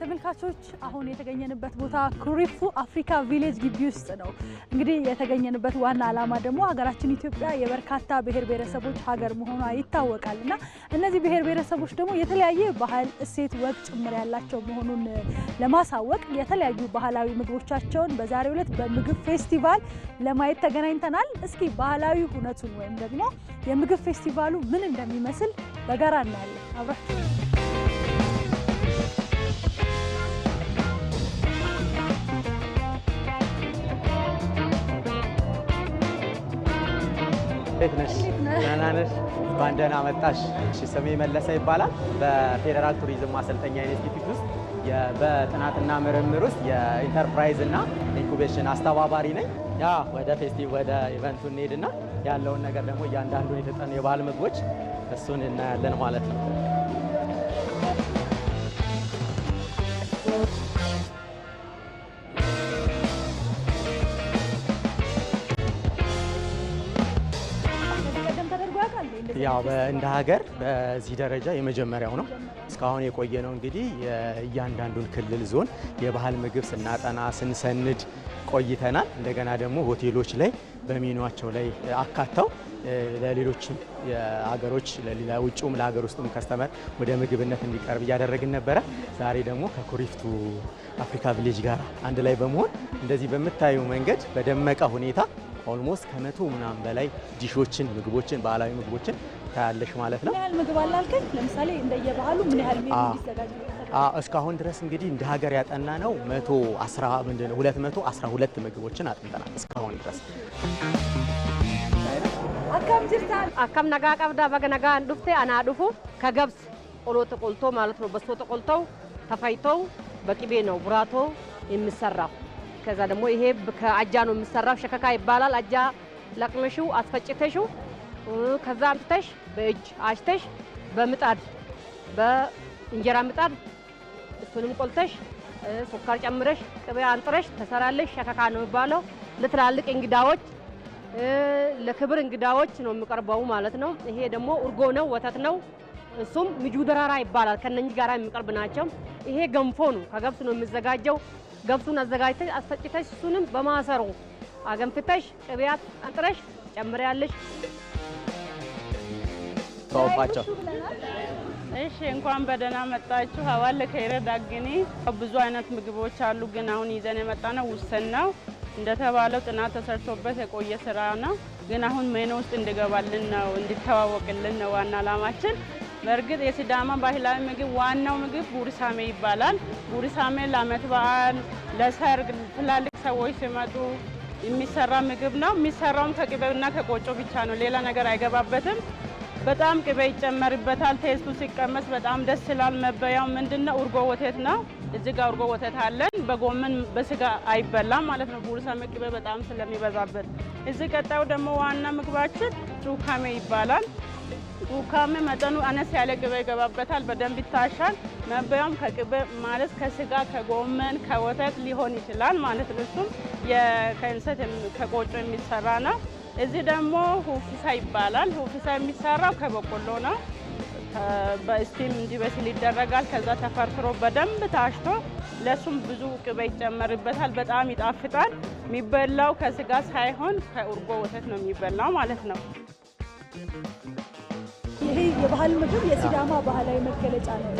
ተመልካቾች አሁን የተገኘንበት ቦታ ኩሪፉ አፍሪካ ቪሌጅ ግቢ ውስጥ ነው። እንግዲህ የተገኘንበት ዋና ዓላማ ደግሞ ሀገራችን ኢትዮጵያ የበርካታ ብሔር ብሔረሰቦች ሀገር መሆኗ ይታወቃል እና እነዚህ ብሔር ብሔረሰቦች ደግሞ የተለያየ ባህል፣ እሴት፣ ወግ ጭምር ያላቸው መሆኑን ለማሳወቅ የተለያዩ ባህላዊ ምግቦቻቸውን በዛሬው ዕለት በምግብ ፌስቲቫል ለማየት ተገናኝተናል። እስኪ ባህላዊ ሁነቱን ወይም ደግሞ የምግብ ፌስቲቫሉ ምን እንደሚመስል በጋራ እናያለን። አብራችሁ እንዴት ነሽ? ደህና ነሽ? እንኳን ደህና መጣሽ። ስሜ መለሰ ይባላል። በፌዴራል ቱሪዝም ማሰልጠኛ ኢንስቲትዩት ውስጥ በጥናትና ምርምር ውስጥ የኢንተርፕራይዝ እና ኢንኩቤሽን አስተባባሪ ነኝ። ያ ወደ ፌስቲቭ ወደ ኢቨንቱ እንሄድና ያለውን ነገር ደግሞ እያንዳንዱ የተጠኑ የባህል ምግቦች እሱን እናያለን ማለት ነው። ያው እንደ ሀገር በዚህ ደረጃ የመጀመሪያው ነው። እስካሁን የቆየ ነው። እንግዲህ የእያንዳንዱን ክልል ዞን የባህል ምግብ ስናጠና ስንሰንድ ቆይተናል። እንደገና ደግሞ ሆቴሎች ላይ በሚኗቸው ላይ አካተው ለሌሎችም አገሮች ውጭም ለሀገር ውስጥም ከስተመር ወደ ምግብነት እንዲቀርብ እያደረግን ነበረ። ዛሬ ደግሞ ከኩሪፍቱ አፍሪካ ቪሌጅ ጋር አንድ ላይ በመሆን እንደዚህ በምታዩ መንገድ በደመቀ ሁኔታ ኦልሞስት ከመቶ ምናምን በላይ ዲሾችን፣ ምግቦችን፣ ባህላዊ ምግቦችን ታያለሽ ማለት ነው። ያህል ምግብ አላልከኝ ለምሳሌ እንደየባህሉ ምን ያህል ይዘጋጅ? እስካሁን ድረስ እንግዲህ እንደ ሀገር ያጠና ነው መቶ መቶ አስራ አስራ ነው ሁለት ሁለት ምግቦችን አጥንተናል እስካሁን ድረስ። አካም ነጋ ቀብዳ በገነጋ እንዱፍቴ አና ዱፉ ከገብስ ቆሎ ተቆልቶ ማለት ነው። በሶ ተቆልተው ተፋይተው በቅቤ ነው ቡራቶ የሚሰራው። ከዛ ደግሞ ይሄ ከአጃ ነው የሚሰራው። ሸከካ ይባላል። አጃ ለቅመሽው አስፈጭተሹ ከዛ አምጥተሽ በእጅ አሽተሽ በምጣድ በእንጀራ ምጣድ እሱንም ቆልተሽ ሱካር ጨምረሽ ቅቤ አንጥረሽ ተሰራለሽ። ሸከካ ነው የሚባለው። ለትላልቅ እንግዳዎች ለክብር እንግዳዎች ነው የሚቀርበው ማለት ነው። ይሄ ደግሞ እርጎ ነው፣ ወተት ነው። እሱም ምጁ ደራራ ይባላል። ከነኚህ ጋራ የሚቀርብ ናቸው። ይሄ ገንፎ ነው፣ ከገብስ ነው የሚዘጋጀው። ገብሱን አዘጋጅተሽ አስፈጭተሽ እሱንም በማሰሮ አገንፍተሽ ቅቤያት አንጥረሽ ጨምሪያለሽ። ተወባቸው እሺ፣ እንኳን በደህና መጣችሁ። አዋል ከይረ ብዙ አይነት ምግቦች አሉ፣ ግን አሁን ይዘን የመጣ ነው ውስን ነው እንደተባለው ጥናት ተሰርቶበት የቆየ ስራ ነው። ግን አሁን ሜኑ ውስጥ እንዲገባልን ነው እንዲተዋወቅልን ነው ዋና አላማችን። በእርግጥ የሲዳማ ባህላዊ ምግብ ዋናው ምግብ ቡሪሳሜ ይባላል። ቡሪሳሜ ለዓመት በዓል፣ ለሰርግ፣ ትላልቅ ሰዎች ሲመጡ የሚሰራ ምግብ ነው። የሚሰራውም ከቅቤና ከቆጮ ብቻ ነው። ሌላ ነገር አይገባበትም። በጣም ቅቤ ይጨመርበታል። ቴስቱ ሲቀመስ በጣም ደስ ይላል። መበያው ምንድነው እርጎ ወተት ነው። እዚህ ጋር እርጎ ወተት አለን። በጎመን በስጋ አይበላም ማለት ነው። ቡሪሳሜ ቅቤ በጣም ስለሚበዛበት። እዚህ ቀጣዩ ደግሞ ዋና ምግባችን ጩካሜ ይባላል። ውካም መጠኑ አነስ ያለ ቅቤ ይገባበታል። በደንብ ይታሻል። መበያውም ከቅቤ ማለት ከስጋ፣ ከጎመን፣ ከወተት ሊሆን ይችላል ማለት ነው። እሱም ከእንሰት ከቆጮ የሚሰራ ነው። እዚህ ደግሞ ሁፍሳ ይባላል። ሁፍሳ የሚሰራው ከበቆሎ ነው። በስቲም እንዲበስል ይደረጋል። ከዛ ተፈርፍሮ በደንብ ታሽቶ ለሱም ብዙ ቅቤ ይጨመርበታል። በጣም ይጣፍጣል። የሚበላው ከስጋ ሳይሆን ከእርጎ ወተት ነው የሚበላው ማለት ነው። ይሄ የባህል ምግብ የሲዳማ ባህላዊ መገለጫ ነው።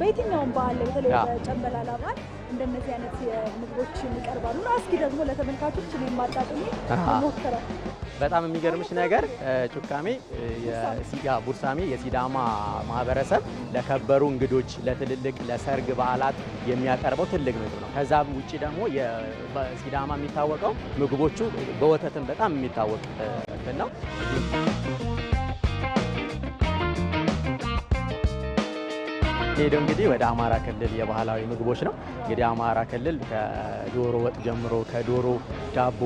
በየትኛውም በዓል ላይ በተለይ በጨንበላላ በዓል እንደነዚህ አይነት ምግቦች ይቀርባሉ። ና እስኪ ደግሞ ለተመልካቾች እኔ ማጣጥሜ ሞከረ በጣም የሚገርምሽ ነገር ጩካሜ ቡርሳሜ የሲዳማ ማህበረሰብ ለከበሩ እንግዶች፣ ለትልልቅ ለሰርግ በዓላት የሚያቀርበው ትልቅ ምግብ ነው። ከዛ ውጭ ደግሞ ሲዳማ የሚታወቀው ምግቦቹ በወተትም በጣም የሚታወቅ ነው። የምንሄደው እንግዲህ ወደ አማራ ክልል የባህላዊ ምግቦች ነው። እንግዲህ አማራ ክልል ከዶሮ ወጥ ጀምሮ ከዶሮ ዳቦ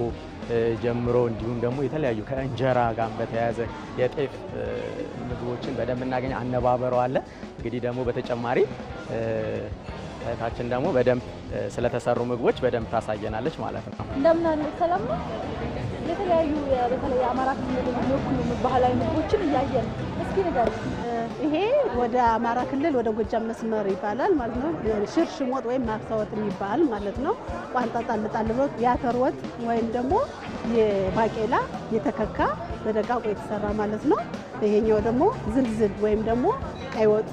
ጀምሮ እንዲሁም ደግሞ የተለያዩ ከእንጀራ ጋር በተያያዘ የጤፍ ምግቦችን በደንብ እናገኝ አነባበረው አለ። እንግዲህ ደግሞ በተጨማሪ እህታችን ደግሞ በደንብ ስለተሰሩ ምግቦች በደንብ ታሳየናለች ማለት ነው። እንደምን አሉ ሰላም ነው። የተለያዩ በተለይ አማራ ክልል የሚወክሉ ባህላዊ ምግቦችን እያየን እስኪ ንገር። ይሄ ወደ አማራ ክልል ወደ ጎጃም መስመር ይባላል ማለት ነው። ወጥ ወይም ማብሳወጥ የሚባል ማለት ነው። ቋንጣ ጣል ጣል ብሎ የአተር ወጥ ወይም ደግሞ የባቄላ የተከካ በደቃቁ የተሰራ ማለት ነው። ይሄኛው ደግሞ ዝልዝል ወይም ደግሞ ቀይ ወጥ፣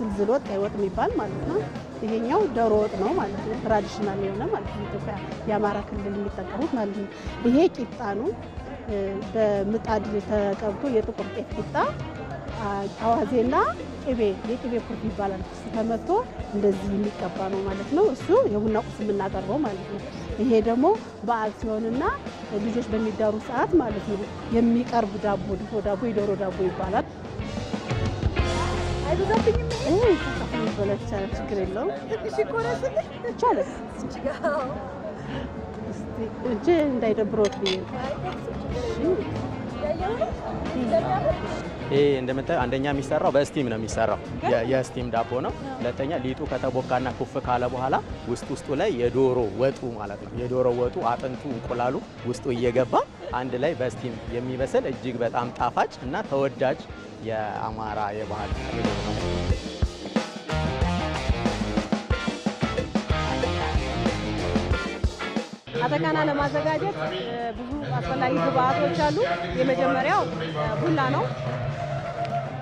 ዝልዝል ወጥ፣ ቀይ ወጥ የሚባል ማለት ነው። ይሄኛው ዶሮ ወጥ ነው ማለት ነው። ትራዲሽናል የሆነ ማለት ነው። ኢትዮጵያ የአማራ ክልል የሚጠቀሙት ማለት ነው። ይሄ ቂጣ ነው። በምጣድ ተቀብቶ የጥቁር ጤፍ ቂጣ አዋዜና ቅቤ የቅቤ ኩርት ይባላል። ተመቶ እንደዚህ የሚቀባ ነው ማለት ነው። እሱ የቡና ቁስ የምናቀርበው ማለት ነው። ይሄ ደግሞ በዓል ሲሆንና ልጆች በሚዳሩ ሰዓት ማለት ነው የሚቀርብ ዳቦ ድፎ ዳቦ የዶሮ ዳቦ ይባላል። ከበለች ችግር የለውም። ይቻላል እጄ እንዳይደብሮት ብዬ እንደምታዩ አንደኛ የሚሰራው በስቲም ነው የሚሰራው፣ የስቲም ዳቦ ነው። ሁለተኛ ሊጡ ከተቦካና ኩፍ ካለ በኋላ ውስጥ ውስጡ ላይ የዶሮ ወጡ ማለት ነው። የዶሮ ወጡ አጥንቱ፣ እንቁላሉ ውስጡ እየገባ አንድ ላይ በስቲም የሚበስል እጅግ በጣም ጣፋጭ እና ተወዳጅ የአማራ የባህል ነው። አተካና ለማዘጋጀት ብዙ አስፈላጊ ግብአቶች አሉ። የመጀመሪያው ቡላ ነው።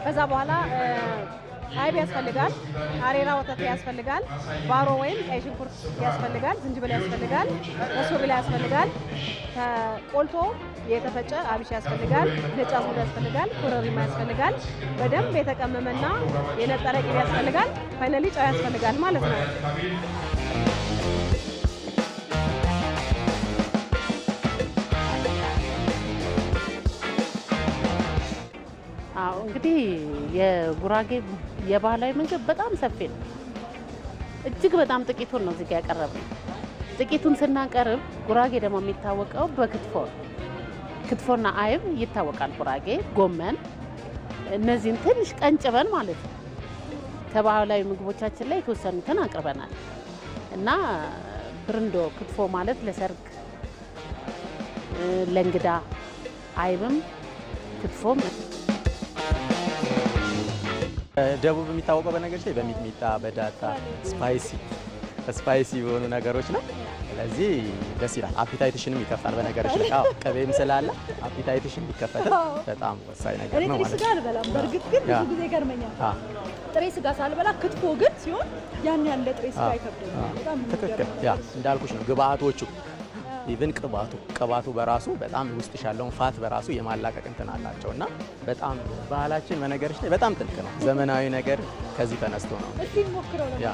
ከዛ በኋላ አይብ ያስፈልጋል፣ አሬራ ወተት ያስፈልጋል፣ ባሮ ወይም ቀይ ሽንኩርት ያስፈልጋል፣ ዝንጅብል ያስፈልጋል፣ ሶቢላ ያስፈልጋል፣ ቆልቶ የተፈጨ አብሽ ያስፈልጋል፣ ነጭ አዝሙድ ያስፈልጋል፣ ኮረሪማ ያስፈልጋል፣ በደንብ የተቀመመና የነጠረ ቅቤ ያስፈልጋል፣ ፋይናሊ ጨው ያስፈልጋል ማለት ነው። እንግዲህ የጉራጌ የባህላዊ ምግብ በጣም ሰፊ ነው። እጅግ በጣም ጥቂቱን ነው እዚጋ ያቀረብነው። ጥቂቱን ስናቀርብ ጉራጌ ደግሞ የሚታወቀው በክትፎ ክትፎና አይብ ይታወቃል። ጉራጌ ጎመን፣ እነዚህን ትንሽ ቀንጭበን ማለት ነው ከባህላዊ ምግቦቻችን ላይ የተወሰኑትን አቅርበናል እና ብርንዶ ክትፎ ማለት ለሰርግ ለእንግዳ አይብም ክትፎም ደቡብ የሚታወቀው በነገሮች ላይ በሚጥሚጣ፣ በዳታ ስፓይሲ ስፓይሲ የሆኑ ነገሮች ነው። ስለዚህ ደስ ይላል። አፒታይትሽንም ይከፍታል። በነገሮች ላይ ቅቤም ስላለ አፒታይትሽን ቢከፈት በጣም ወሳኝ ነገር ነው ማለት ነው። አልበላም፣ በእርግጥ ግን ብዙ ጊዜ ይገርመኛል። ጥሬ ስጋ ሳልበላ ክትፎ ግን ሲሆን ያን ያለ ጥሬ ስጋ ይከብደኛል። ትክክል። እንዳልኩሽ ነው ግብአቶቹ ኢቭን ቅባቱ ቅባቱ በራሱ በጣም ውስጥ ያለውን ፋት በራሱ የማላቀቅ እንትን አላቸው እና በጣም ባህላችን በነገሮች ላይ በጣም ጥልቅ ነው። ዘመናዊ ነገር ከዚህ ተነስቶ ነው። ነው። ያ